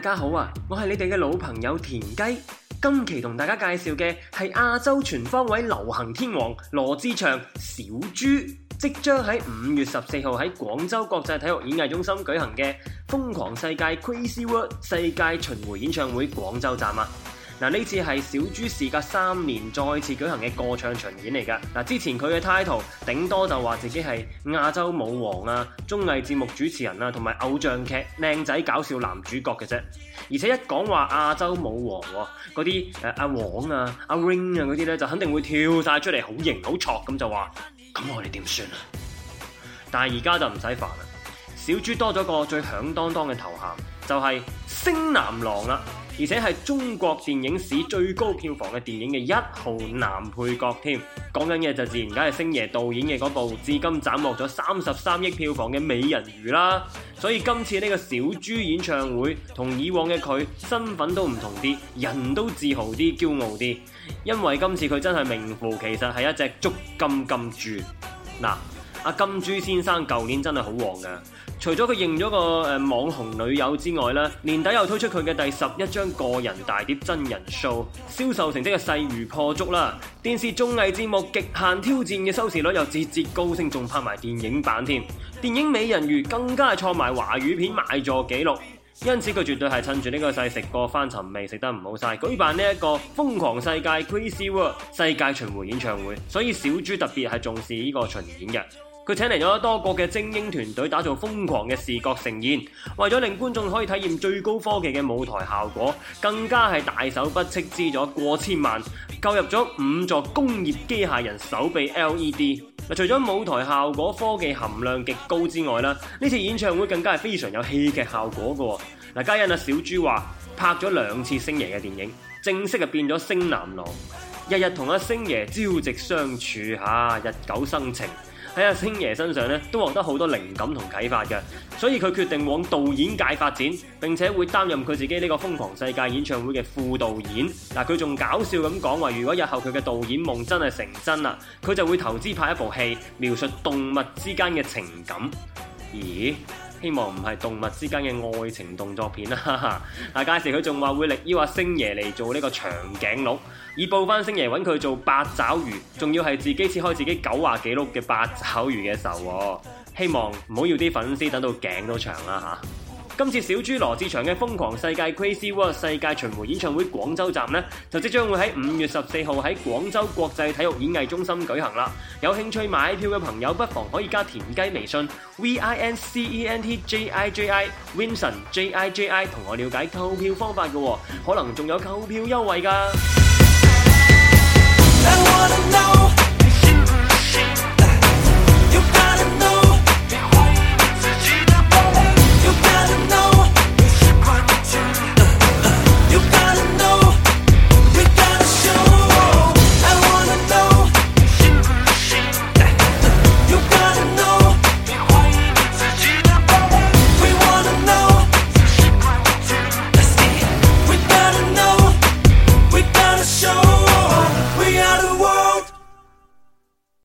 大家好啊！我係你哋嘅老朋友田雞，今期同大家介紹嘅係亞洲全方位流行天王羅志祥小豬，即將喺五月十四號喺廣州國際體育演藝中心舉行嘅《瘋狂世界 Crazy World》世界巡迴演唱會廣州站啊！嗱，呢次係小豬事隔三年再次舉行嘅歌唱巡演嚟㗎。嗱，之前佢嘅 title 頂多就話自己係亞洲舞王啊、綜藝節目主持人啊、同埋偶像劇靚仔搞笑男主角嘅啫。而且一講話亞洲舞王嗰啲誒阿黃啊、阿 Ring 啊嗰啲咧，就肯定會跳晒出嚟，好型好挫咁就話：咁我哋點算啊？但係而家就唔使煩啦，小豬多咗個最響當當嘅頭銜，就係、是、星男郎啦、啊。而且係中國電影史最高票房嘅電影嘅一號男配角添，講緊嘅就自然梗係星爺導演嘅嗰部至今斬獲咗三十三億票房嘅《美人魚》啦。所以今次呢個小豬演唱會同以往嘅佢身份都唔同啲，人都自豪啲、驕傲啲，因為今次佢真係名副其實係一隻足金金豬嗱。阿金豬先生舊年真係好旺噶，除咗佢認咗個誒、呃、網紅女友之外咧，年底又推出佢嘅第十一張個人大碟《真人 show》，銷售成績嘅勢如破竹啦。電視綜藝節目《極限挑戰》嘅收視率又節節高升，仲拍埋電影版添。電影《美人魚》更加係創埋華語片賣座紀錄，因此佢絕對係趁住呢個勢食過翻尋味，食得唔好晒，舉辦呢一個瘋狂世界《Crazy World》世界巡迴演唱會。所以小豬特別係重視呢個巡演嘅。佢請嚟咗多國嘅精英團隊打造瘋狂嘅視覺盛宴，為咗令觀眾可以體驗最高科技嘅舞台效果，更加係大手筆斥資咗過千萬，購入咗五座工業機械人手臂 LED。除咗舞台效果科技含量極高之外啦，呢次演唱會更加係非常有戲劇效果嘅。嗱，嘉欣啊，小豬話拍咗兩次星爺嘅電影，正式就變咗星男郎，日日同阿星爺朝夕相處嚇，日久生情，喺阿星爺身上咧，都獲得好多靈感同啟發嘅，所以佢決定往導演界發展，並且會擔任佢自己呢個瘋狂世界演唱會嘅副導演。嗱，佢仲搞笑咁講話，如果日後佢嘅導演夢真係成真啦，佢就會投資拍一部戲，描述動物之間嘅情感。咦？希望唔係動物之間嘅愛情動作片啦，嗱，屆時佢仲話會力邀阿星爺嚟做呢個長頸鹿，以報翻星爺揾佢做八爪魚，仲要係自己切開自己九廿幾碌嘅八爪魚嘅仇喎，哦，希望唔好要啲粉絲等到頸都長啦嚇。今次小豬羅志祥嘅《瘋狂世界 Crazy World》世界巡迴演唱會廣州站呢，就即將會喺五月十四號喺廣州國際體育演藝中心舉行啦！有興趣買票嘅朋友不妨可以加田雞微信 V I N C E N T J I J I Vincent J I J I 同我了解購票方法嘅喎，可能仲有購票優惠噶。